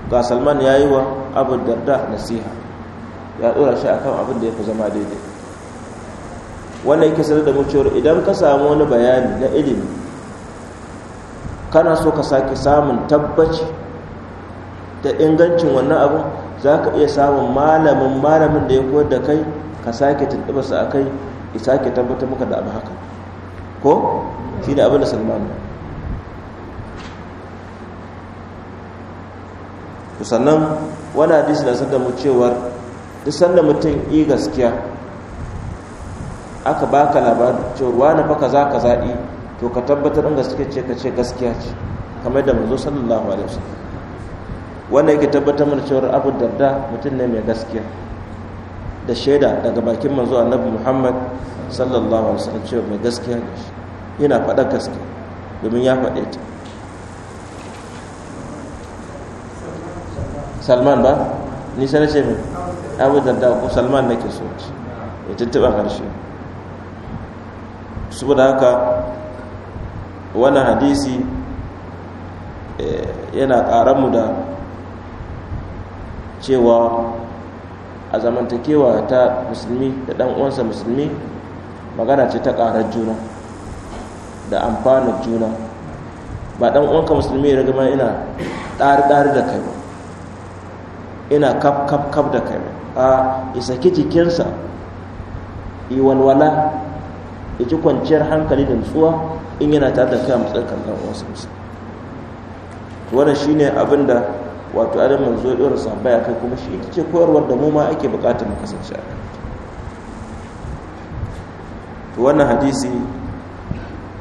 ga salman ya yi wa abu darda nasiha ya ɗora shi akan abin da ya fi zama daidai wannan yake sanar da mu idan ka samu wani bayani na ilimi kana so ka sake samun tabbaci da ingancin wannan abin za ka iya samun malamin malamin da ya koyar da kai ka sake tuntuɓarsa a kai ya sake tabbatar maka da abu haka ko shi ne abin da salman sannan wani hadisi na sanda mu cewar duk sanda mutum yi gaskiya aka baka labarin cewar wani baka za ka yi to ka tabbatar in gaske ce ka ce gaskiya ce kamar da manzo sallallahu alaihi wasallam wannan yake tabbatar mana cewa Abu Darda mutum ne mai gaskiya da shaida daga bakin manzo Annabi Muhammad sallallahu alaihi wasallam cewa mai gaskiya ne yana faɗa gaskiya domin ya faɗe ta Salman ba ni sai ce mai Abu Darda ko Salman nake so ya tuntuɓa harshe saboda haka wannan hadisi eh, yana ƙaranmu da cewa a zamantakewa ta musulmi da ɗan'uwansa uwansa musulmi magana ce ta ƙarar juna da amfanin juna ba ɗan'uwanka uwanka musulmi ya rigama ina ɗari-ɗari da kai ba ina kaf-kaf-kaf da kai ba a isaki jikinsa iwalwala ya ji kwanciyar hankali da nutsuwa in yana tare da kai a matsayin kan uwansa wannan shine abin da wato adam manzo ya dora sabaya kai kuma shi ita ce koyarwar da mu ma ake bukatar mu kasance a to wannan hadisi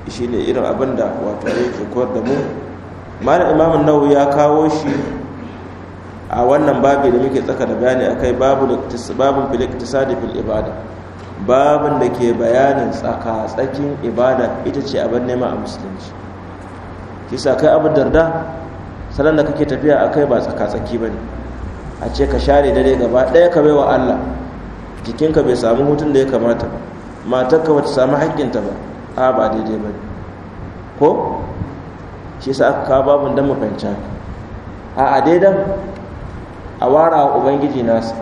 shi ne irin abin da wato ke koyar da mu malam imam nau ya kawo shi a wannan babi da muke tsaka da bayani akai babu da babu fil iktisadi fil ibada babin da ke bayanin tsaka-tsakin ibada ita ce abin nema a musulunci kisa kai abin darda salon da kake tafiya a kai ba tsaka-tsaki ba ne a ce ka share dare gaba ɗaya ka baiwa allah jikinka bai samu hutun da ya kamata ba matarka ba ta samu haƙƙinta ba a ba daidai ba ne ko shi sa aka kawo babin don mafanci a a daidan a wara wa ubangiji nasa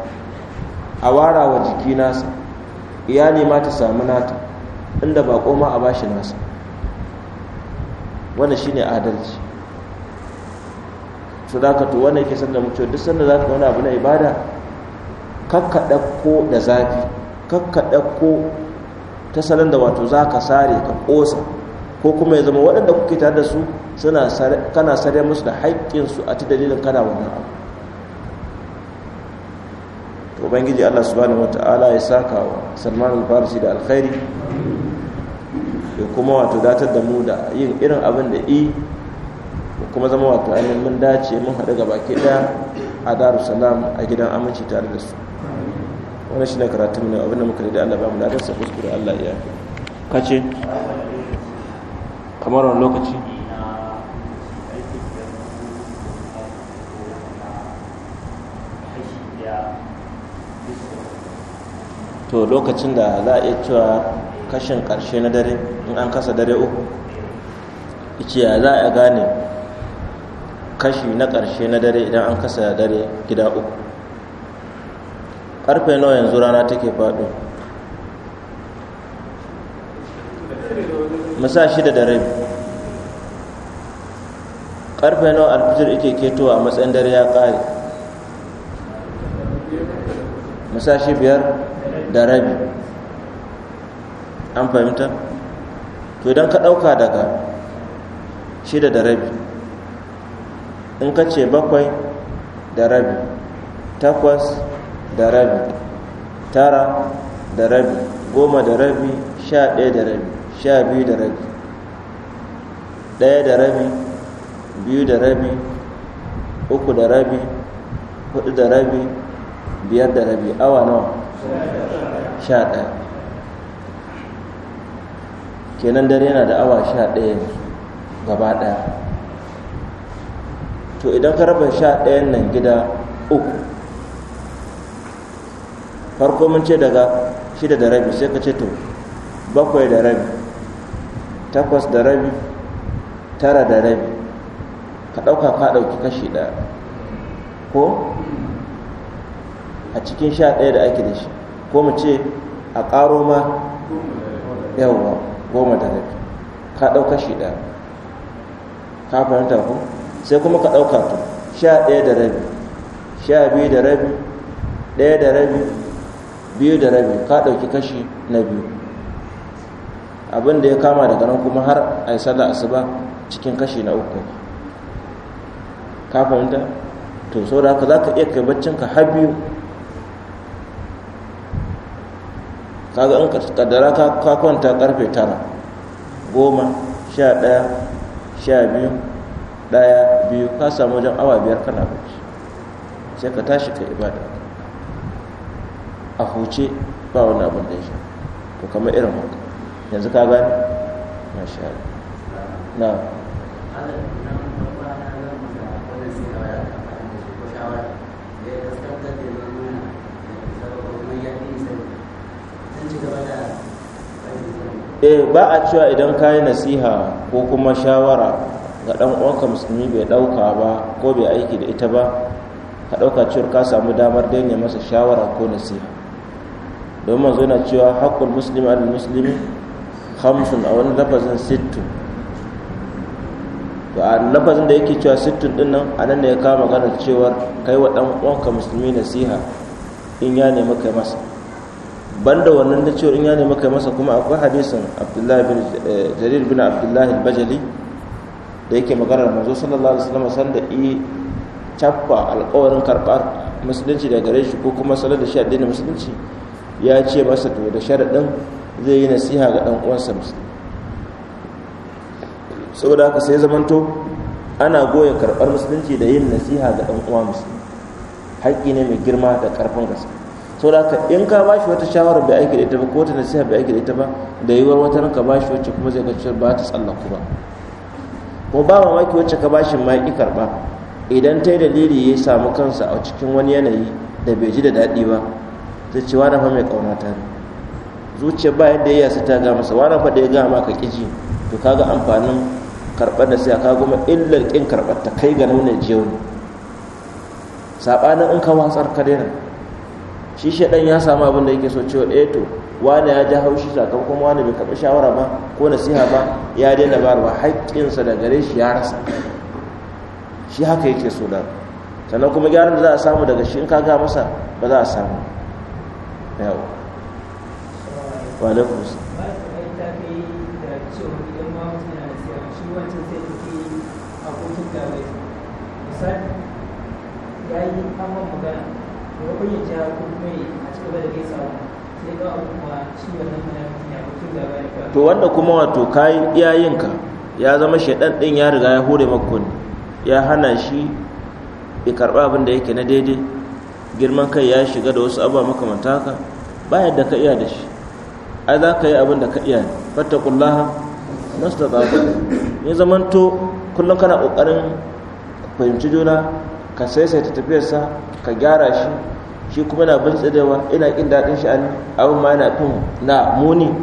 a wara wa jiki nasa iyali ma ta samu nata inda ba koma a bashi nasa wanda shine adalci su za ka to wannan yake sanda mu duk sanda za ka wani abu na ibada kakkaɗa ko da zafi kakkaɗa ko ta salon da wato za ka sare ka ƙosa ko kuma ya zama waɗanda kuke tare da su kana sare musu da haƙƙinsu a ta dalilin kana wannan abu ubangiji Allah subhanahu wata'ala ya saka wa Salman al da alkhairi ya kuma wato datar da mu da yin irin abin da i kuma zama wato ainihin mun dace mun haɗu ga baki ɗaya a daru salam a gidan aminci tare da su wani shi ne karatun ne abin da muka da Allah ba mu dasa kuskure Allah ya fi kace kamar wani lokaci to lokacin da za a iya cewa kashin karshe na dare in an kasa dare uku ice ya za a gane kashi na karshe na dare idan an kasa dare gida uku karfe nawa yanzu rana take faɗo musa shida da rabi karfe nawa alfijir ike ketowa a matsayin dare ya ƙare musa shi biyar da rabi an fahimta to idan ka ɗauka daga shida da rabi in ka ce bakwai da rabi takwas da rabi tara da rabi goma da rabi sha ɗaya da rabi sha biyu da rabi ɗaya da rabi biyu da rabi uku da rabi hudu da rabi biyar da rabi awa nawa 11 kenan dare yana da awa sha ɗaya gaba daya to idan ka raba sha nan gida uku farko mun ce daga shida da rabi sai ka ce to bakwai da rabi takwas da rabi tara da rabi ka ɗauka ka ɗauki kashi daya ko a cikin sha ɗaya da ake da shi ko mu ce a ƙaro ma yawwa goma da rabi ka ɗauka shi ɗaya ka fahimta ku sai kuma ka ɗauka to sha ɗaya da rabi sha biyu da rabi ɗaya da rabi biyu da rabi ka ɗauki kashi na biyu abin da ya kama daga nan kuma har a yi sallah asuba cikin kashi na uku ka fahimta to saboda haka za ka iya kai baccinka ka har biyu kaga in kaddara ka kwanta karfe tara goma sha ɗaya sha biyu ɗaya biyu ka samu wajen awa biyar kana bacci sai ka tashi ka ibada a huce ba wani abin da ya sha to kamar irin haka yanzu ka gani masha Allah na eh ba a cewa idan ka yi nasiha ko kuma shawara ga ɗan uwanka musulmi bai ɗauka ba ko bai aiki da ita ba ka ɗauka cewar ka samu damar daina masa shawara ko nasiha don manzo yana cewa haƙƙul muslimi al muslimi hamsin a wani lafazin sittin to a lafazin da yake cewa sittin din nan a nan ne ya kama maganar cewar kai wa ɗan uwanka musulmi nasiha in ya nemi kai masa banda wannan da cewa in ya nemi kai masa kuma akwai hadisin abdullahi bin eh, jarir bin abdullahi bajali da yake maganar manzo sallallahu alaihi wasallam san da i chaffa alƙawarin karɓar musulunci da gare shi ko kuma salar da shi addini musulunci ya ce masa to da sharadin zai yi nasiha ga ɗan uwansa musulmi saboda haka sai zamanto ana goya karbar musulunci da yin nasiha ga ɗan uwa musulmi haƙƙi ne mai girma da karfin gaskiya saboda in ka ba wata shawara bai aiki da ita ba ko wata nasiha bai aiki da ita ba da yiwuwar wata ranka ba shi wacce kuma zai ga cewa ba ta tsallaku ba ko ba maki wacce ka ba shi karba idan ta yi dalili ya samu kansa a cikin wani yanayi da bai ji da daɗi ba zai ce wani fa mai kauna ta ne zuciya ba yadda ya yasa ta ga masa wani fa da ya gama ka ƙiji to kaga amfanin karɓar da sai ka goma illar kin karɓar ta kai ga nuna jiyau ne saɓanin in ka watsar ka daina shi shaɗan ya samu abin da yake so cewa ɗaya to wane ya ji haushi sakamakon wane bai karɓi shawara ba ko nasiha ba ya daina bayarwa haƙƙinsa da gare shi ya rasa shi haka yake so da sannan kuma gyaran da za a samu daga shi in ka ga masa ba za a samu yawo wa ya yi magana da kullum ja kuma a cikin da zai samu sai ga kuma shi wannan munafiki ya mutum da bai to wanda kuma wato kai iyayenka ya zama shaidan din ya riga ya hore maka ya hana shi ya karba abin da yake na daidai girman kai ya shiga da wasu abubuwa makamanta haka ba yadda ka iya da shi ai za ka yi abin da ka iya ne fattakullaha mastaqafa ya to kullum kana kokarin fahimci juna ka saisaita tafiyarsa ka gyara shi shi kuma na bin tsirewa ina kin daɗin sha'ani abin ma yana fin na muni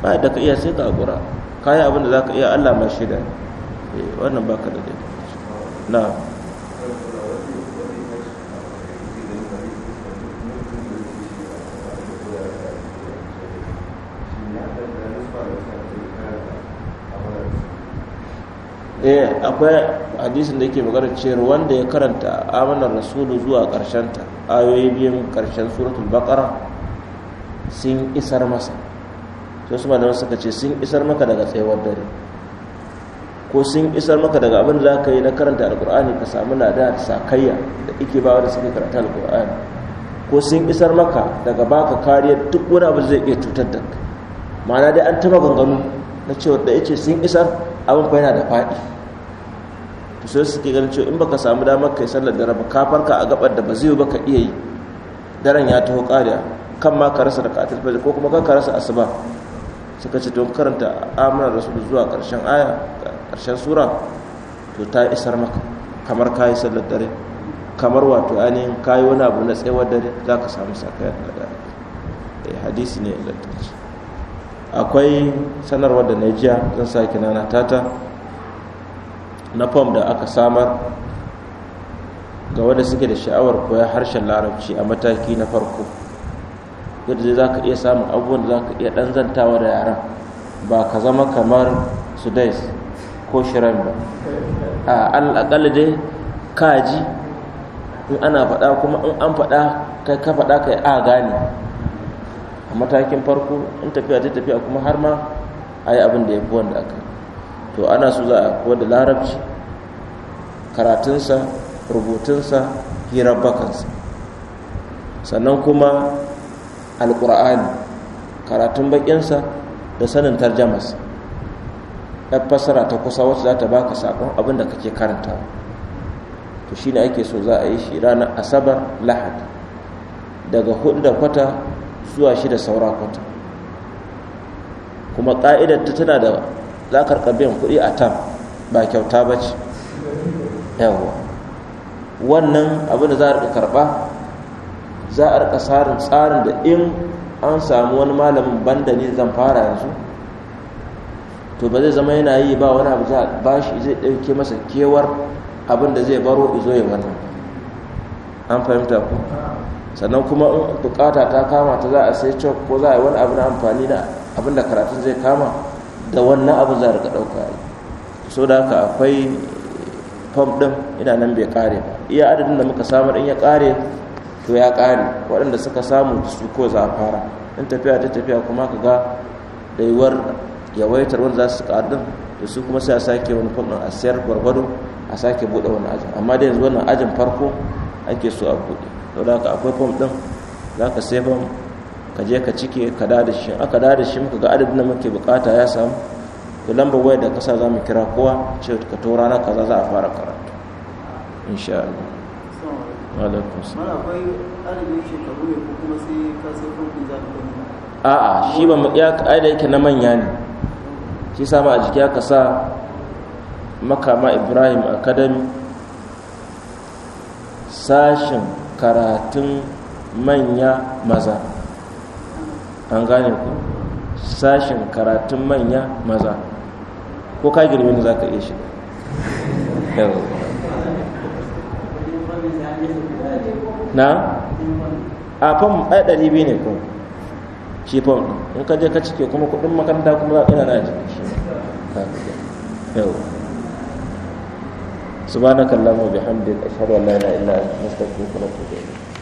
ba da ka iya sai ka haƙura kayan abin da za ka iya allah ma shida eh, wannan ka da daidai na eh akwai hadisin da yake magana cewa wanda ya karanta amanar rasulu zuwa karshen ta ayoyi biyun karshen suratul baqara sun isar masa sai su malaman suka ce sun isar maka daga tsayuwar dare ko sun isar maka daga abin da ka yi na karanta alqur'ani ka samu lada da sakayya da ike bawa da suke karanta alqur'ani ko sun isar maka daga baka kariyar duk wani abu zai iya cutar da ka ma'ana dai an taba ganganu na cewa da yake sun isar abin fa yana da faɗi to sai suke ganin cewa in baka samu damar kai sallar dare kafar ka a gabar da ba zai baka iya yi daren ya taho kariya kan ma ka rasa da katil fajr ko kuma ka rasa asuba suka ce don karanta da rasul zuwa karshen aya karshen sura to ta isar maka kamar kayi sallar dare kamar wato ainihin kayi wani abu na tsayawar dare za ka samu sakayar da Eh hadisi ne ingantacce akwai sanarwar da na jiya zan sa nana tata na fom da aka samar ga wanda suke da sha'awar koya harshen larabci a mataki na farko yadda zai za ka iya samun abubuwan da za ka iya ɗanzantawa da yaran ba ka zama kamar sudais ko shirin ba a alaƙalla dai kaji in ana faɗa kuma in an faɗa kai ka faɗa kai a gane a matakin farko in tafiya ta tafiya kuma har ma a yi abin da ya fi wanda aka yi to ana so za a kuwa da larabci karatunsa rubutunsa hirar bakansa sannan kuma alkur'ani karatun bakinsa da sanin tarjamas ɗan fassara ta kusa wacce za ta baka saƙon abin da kake karanta to shine ake so za a yi shi ranar asabar Lahadi? daga hudu da kwata zuwa shida saura kwata kuma ƙa'idar ta tana da za ka rika biyan kuɗi a tam ba kyauta ba ce yawwa wannan abin da za a rika karɓa za a rika tsarin tsarin da in an samu wani malamin banda ne zan fara yanzu to ba zai zama yana yi ba wani abu za a bashi zai ɗauke masa kewar abin da zai baro izo ya wannan an fahimta ku sannan kuma in bukata ta kama ta za a sai cok ko za a yi wani abu na amfani da abin da karatun zai kama da wannan abu za ka ɗauka so da haka akwai fam ɗin ina nan bai ƙare ba iya adadin da muka samar in ya ƙare to ya ƙare waɗanda suka samu su ko za a fara in tafiya ta tafiya kuma ka ga da yiwuwar yawaitar wanda za su ƙaru da su kuma sai a sake wani fam ɗin a siyar gwargwado a sake buɗe wani ajin amma da yanzu wannan ajin farko ake so a buɗe to da haka akwai fam ɗin za ka sai fam ka je ka cike ka da da shi aka da da shi muka ga adadin da muke bukata ya samu da lambar waya da kasa za mu kira kowa ce ka to rana kaza za a fara karatu insha Allah alaikum salam akwai adadin shekaru ne ko kuma sai ka sai kun za ka a'a shi ba ya da yake na manya ne shi sa ba a jiki aka sa makama Ibrahim Academy sashin karatun manya maza an gane ku Sashen karatun manya maza ko ka girme za ka iya shiga na a fam ɗaya ɗari biyu ne kuma shi fam in ka je ka cike kuma kuɗin makaranta kuma za ka yana na jikin shi yau subhanakallahumma bihamdika ashhadu an la ilaha illa anta astaghfiruka wa atubu ilayk